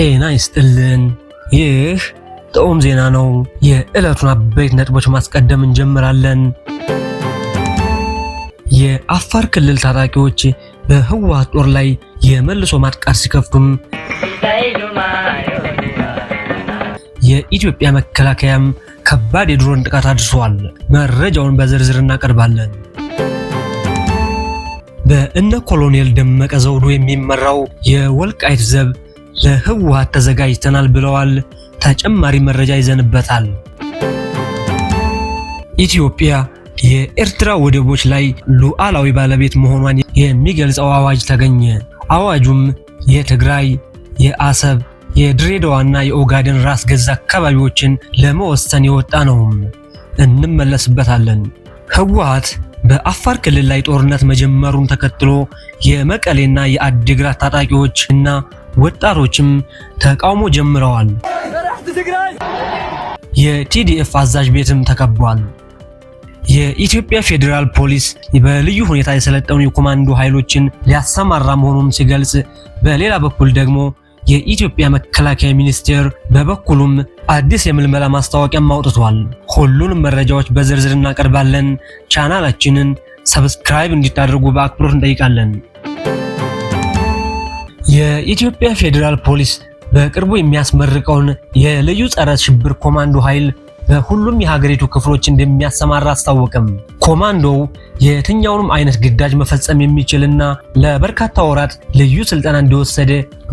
ጤና ይስጥልን። ይህ ጥዑም ዜና ነው። የዕለቱን አበይት ነጥቦች ማስቀደም እንጀምራለን። የአፋር ክልል ታጣቂዎች በህወሓት ጦር ላይ የመልሶ ማጥቃት ሲከፍቱም የኢትዮጵያ መከላከያም ከባድ የድሮን ጥቃት አድርሷል። መረጃውን በዝርዝር እናቀርባለን። በእነ ኮሎኔል ደመቀ ዘውዱ የሚመራው የወልቃይት ዘብ ለህወሓት ተዘጋጅተናል ብለዋል። ተጨማሪ መረጃ ይዘንበታል። ኢትዮጵያ የኤርትራ ወደቦች ላይ ሉዓላዊ ባለቤት መሆኗን የሚገልጸው አዋጅ ተገኘ። አዋጁም የትግራይ፣ የአሰብ፣ የድሬዳዋና የኦጋዴን ራስ ገዛ አካባቢዎችን ለመወሰን የወጣ ነው። እንመለስበታለን። ህወሓት በአፋር ክልል ላይ ጦርነት መጀመሩን ተከትሎ የመቀሌና የአዲግራት ታጣቂዎች እና ወጣቶችም ተቃውሞ ጀምረዋል። የቲዲኤፍ አዛዥ ቤትም ተከቧል። የኢትዮጵያ ፌዴራል ፖሊስ በልዩ ሁኔታ የሰለጠኑ የኮማንዶ ኃይሎችን ሊያሰማራ መሆኑን ሲገልጽ፣ በሌላ በኩል ደግሞ የኢትዮጵያ መከላከያ ሚኒስቴር በበኩሉም አዲስ የምልመላ ማስታወቂያም አውጥቷል። ሁሉንም መረጃዎች በዝርዝር እናቀርባለን። ቻናላችንን ሰብስክራይብ እንዲታደርጉ በአክብሮት እንጠይቃለን። የኢትዮጵያ ፌዴራል ፖሊስ በቅርቡ የሚያስመርቀውን የልዩ ጸረ ሽብር ኮማንዶ ኃይል በሁሉም የሀገሪቱ ክፍሎች እንደሚያሰማራ አስታወቀም። ኮማንዶው የትኛውንም አይነት ግዳጅ መፈጸም የሚችልና ለበርካታ ወራት ልዩ ስልጠና እንደወሰደ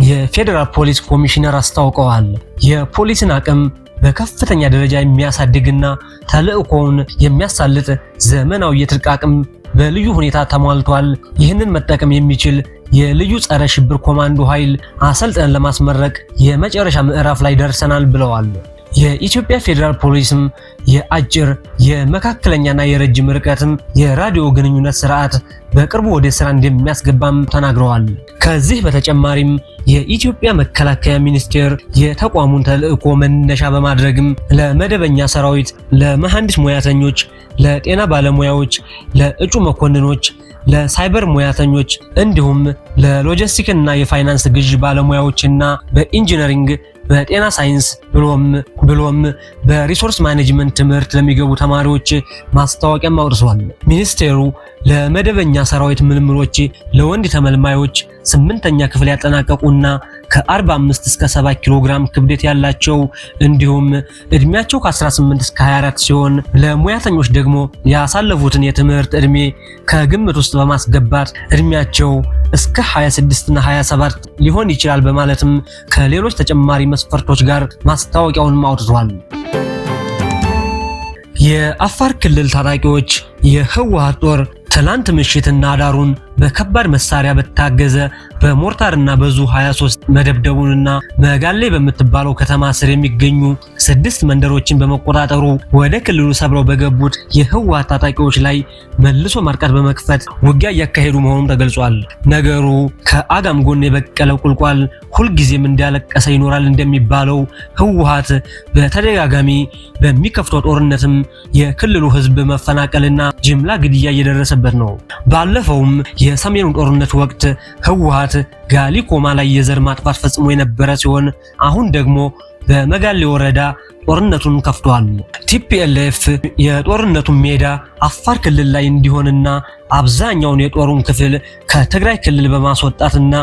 የፌዴራል ፖሊስ ኮሚሽነር አስታውቀዋል። የፖሊስን አቅም በከፍተኛ ደረጃ የሚያሳድግና ተልዕኮውን የሚያሳልጥ ዘመናዊ የትጥቅ አቅም በልዩ ሁኔታ ተሟልቷል። ይህንን መጠቀም የሚችል የልዩ ጸረ ሽብር ኮማንዶ ኃይል አሰልጠን ለማስመረቅ የመጨረሻ ምዕራፍ ላይ ደርሰናል ብለዋል። የኢትዮጵያ ፌዴራል ፖሊስም የአጭር የመካከለኛና የረጅም ርቀትም የራዲዮ ግንኙነት ስርዓት በቅርቡ ወደ ስራ እንደሚያስገባም ተናግረዋል። ከዚህ በተጨማሪም የኢትዮጵያ መከላከያ ሚኒስቴር የተቋሙን ተልዕኮ መነሻ በማድረግም ለመደበኛ ሰራዊት፣ ለመሐንዲስ ሙያተኞች፣ ለጤና ባለሙያዎች፣ ለእጩ መኮንኖች ለሳይበር ሙያተኞች እንዲሁም ለሎጂስቲክ እና የፋይናንስ ግዥ ባለሙያዎችና በኢንጂነሪንግ በጤና ሳይንስ ብሎም ብሎም በሪሶርስ ማኔጅመንት ትምህርት ለሚገቡ ተማሪዎች ማስታወቂያም አውጥቷል። ሚኒስቴሩ ለመደበኛ ሰራዊት ምልምሎች ለወንድ ተመልማዮች ስምንተኛ ክፍል ያጠናቀቁና ከ45 እስከ 70 ኪሎ ግራም ክብደት ያላቸው እንዲሁም እድሜያቸው ከ18 እስከ 24 ሲሆን ለሙያተኞች ደግሞ ያሳለፉትን የትምህርት እድሜ ከግምት ውስጥ በማስገባት እድሜያቸው እስከ 26 እና 27 ሊሆን ይችላል በማለትም ከሌሎች ተጨማሪ መስፈርቶች ጋር ማስታወቂያውን አውጥቷል። የአፋር ክልል ታጣቂዎች የህወሓት ጦር ትላንት ምሽትና አዳሩን በከባድ መሳሪያ በታገዘ በሞርታርና በዙ 23 መደብደቡንና መጋሌ በምትባለው ከተማ ስር የሚገኙ ስድስት መንደሮችን በመቆጣጠሩ ወደ ክልሉ ሰብረው በገቡት የህወሓት ታጣቂዎች ላይ መልሶ ማጥቃት በመክፈት ውጊያ እያካሄዱ መሆኑን ተገልጿል። ነገሩ ከአጋም ጎን የበቀለው ቁልቋል ሁልጊዜም እንዳለቀሰ ይኖራል እንደሚባለው ህወሓት በተደጋጋሚ በሚከፍተው ጦርነትም የክልሉ ህዝብ መፈናቀልና ጅምላ ግድያ እየደረሰበት ነው። ባለፈውም የ የሰሜኑ ጦርነት ወቅት ህወሓት ጋሊኮማ ላይ የዘር ማጥፋት ፈጽሞ የነበረ ሲሆን አሁን ደግሞ በመጋሌ ወረዳ ጦርነቱን ከፍቷል። ቲፒኤልኤፍ የጦርነቱን ሜዳ አፋር ክልል ላይ እንዲሆንና አብዛኛውን የጦሩን ክፍል ከትግራይ ክልል በማስወጣትና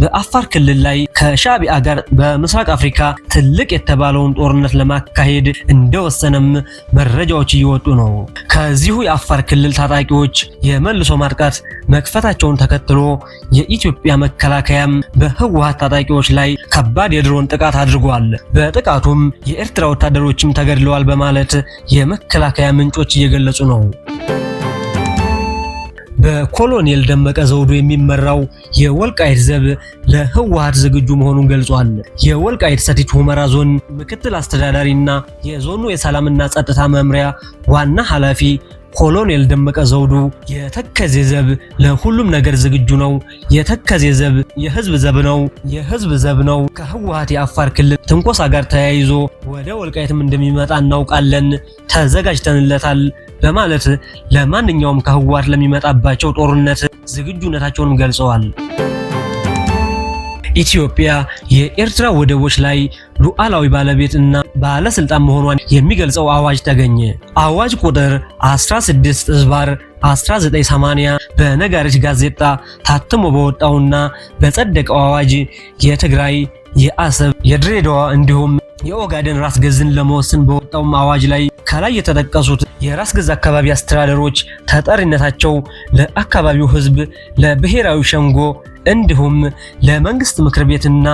በአፋር ክልል ላይ ከሻቢያ ጋር በምስራቅ አፍሪካ ትልቅ የተባለውን ጦርነት ለማካሄድ እንደወሰነም መረጃዎች እየወጡ ነው። ከዚሁ የአፋር ክልል ታጣቂዎች የመልሶ ማጥቃት መክፈታቸውን ተከትሎ የኢትዮጵያ መከላከያም በህወሓት ታጣቂዎች ላይ ከባድ የድሮን ጥቃት አድርጓል። በጥቃቱም የኤርትራ ወታደሮችም ተገድለዋል በማለት የመከላከያ ምንጮች እየገለጹ ነው። በኮሎኔል ደመቀ ዘውዱ የሚመራው የወልቃይት ዘብ ለህወሓት ዝግጁ መሆኑን ገልጿል። የወልቃይት ሰቲት ሁመራ ዞን ምክትል አስተዳዳሪና የዞኑ የሰላምና ጸጥታ መምሪያ ዋና ኃላፊ ኮሎኔል ደመቀ ዘውዱ የተከዜ ዘብ ለሁሉም ነገር ዝግጁ ነው። የተከዜ ዘብ የህዝብ ዘብ ነው። የህዝብ ዘብ ነው። ከህወሓት የአፋር ክልል ትንኮሳ ጋር ተያይዞ ወደ ወልቃይትም እንደሚመጣ እናውቃለን፣ ተዘጋጅተንለታል በማለት ለማንኛውም ከህወሓት ለሚመጣባቸው ጦርነት ዝግጁነታቸውን ገልጸዋል። ኢትዮጵያ የኤርትራ ወደቦች ላይ ሉዓላዊ ባለቤት እና ባለስልጣን መሆኗን የሚገልጸው አዋጅ ተገኘ። አዋጅ ቁጥር 16 ዝባር 1980 በነጋሪት ጋዜጣ ታትሞ በወጣውና በጸደቀው አዋጅ የትግራይ፣ የአሰብ፣ የድሬዳዋ እንዲሁም የኦጋደን ራስ ገዝን ለመወሰን በወጣውም አዋጅ ላይ ከላይ የተጠቀሱት የራስ ገዝ አካባቢ አስተዳደሮች ተጠሪነታቸው ለአካባቢው ሕዝብ፣ ለብሔራዊ ሸንጎ እንዲሁም ለመንግስት ምክር ቤትና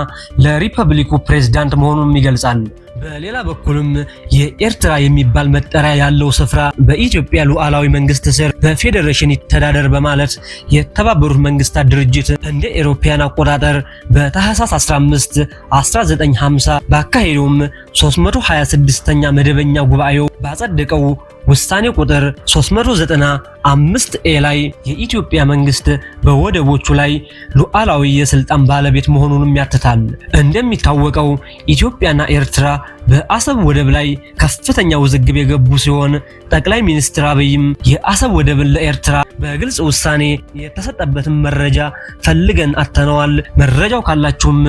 ለሪፐብሊኩ ፕሬዝዳንት መሆኑንም ይገልጻል። በሌላ በኩልም የኤርትራ የሚባል መጠሪያ ያለው ስፍራ በኢትዮጵያ ሉዓላዊ መንግስት ስር በፌዴሬሽን ይተዳደር በማለት የተባበሩት መንግስታት ድርጅት እንደ ኤሮፓያን አቆጣጠር በታህሳስ 15 1950 ባካሄደውም 326ኛ መደበኛ ጉባኤው ባጸደቀው ውሳኔ ቁጥር 395 ኤ ላይ የኢትዮጵያ መንግስት በወደቦቹ ላይ ሉዓላዊ የስልጣን ባለቤት መሆኑንም ያትታል። እንደሚታወቀው ኢትዮጵያና ኤርትራ በአሰብ ወደብ ላይ ከፍተኛ ውዝግብ የገቡ ሲሆን ጠቅላይ ሚኒስትር አብይም የአሰብ ወደብን ለኤርትራ በግልጽ ውሳኔ የተሰጠበትን መረጃ ፈልገን አተነዋል፣ መረጃው ካላችሁም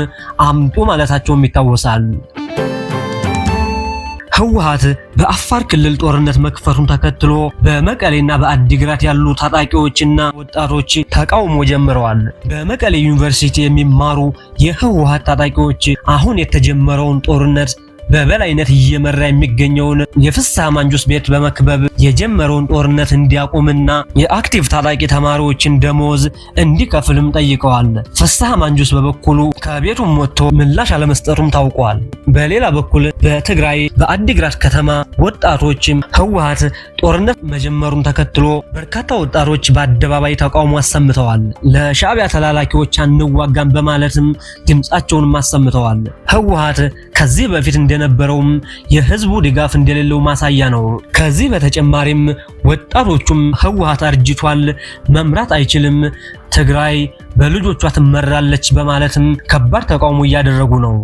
አምጡ ማለታቸውም ይታወሳል። ህወሓት በአፋር ክልል ጦርነት መክፈቱን ተከትሎ በመቀሌና በአዲግራት ያሉ ታጣቂዎችና ወጣቶች ተቃውሞ ጀምረዋል። በመቀሌ ዩኒቨርሲቲ የሚማሩ የህወሓት ታጣቂዎች አሁን የተጀመረውን ጦርነት በበላይነት እየመራ የሚገኘውን የፍስሐ ማንጁስ ቤት በመክበብ የጀመረውን ጦርነት እንዲያቆምና የአክቲቭ ታጣቂ ተማሪዎችን ደሞዝ እንዲከፍልም ጠይቀዋል። ፍስሐ ማንጁስ በበኩሉ ከቤቱም ወጥቶ ምላሽ አለመስጠቱም ታውቋል። በሌላ በኩል በትግራይ በአዲግራት ከተማ ወጣቶችም ህወሓት ጦርነት መጀመሩን ተከትሎ በርካታ ወጣቶች በአደባባይ ተቃውሞ አሰምተዋል። ለሻዕቢያ ተላላኪዎች አንዋጋም በማለትም ድምፃቸውንም አሰምተዋል። ህወሓት ከዚህ በፊት እንደ እንደነበረውም የህዝቡ ድጋፍ እንደሌለው ማሳያ ነው። ከዚህ በተጨማሪም ወጣቶቹም ህወሓት አርጅቷል፣ መምራት አይችልም፣ ትግራይ በልጆቿ ትመራለች በማለትም ከባድ ተቃውሞ እያደረጉ ነው።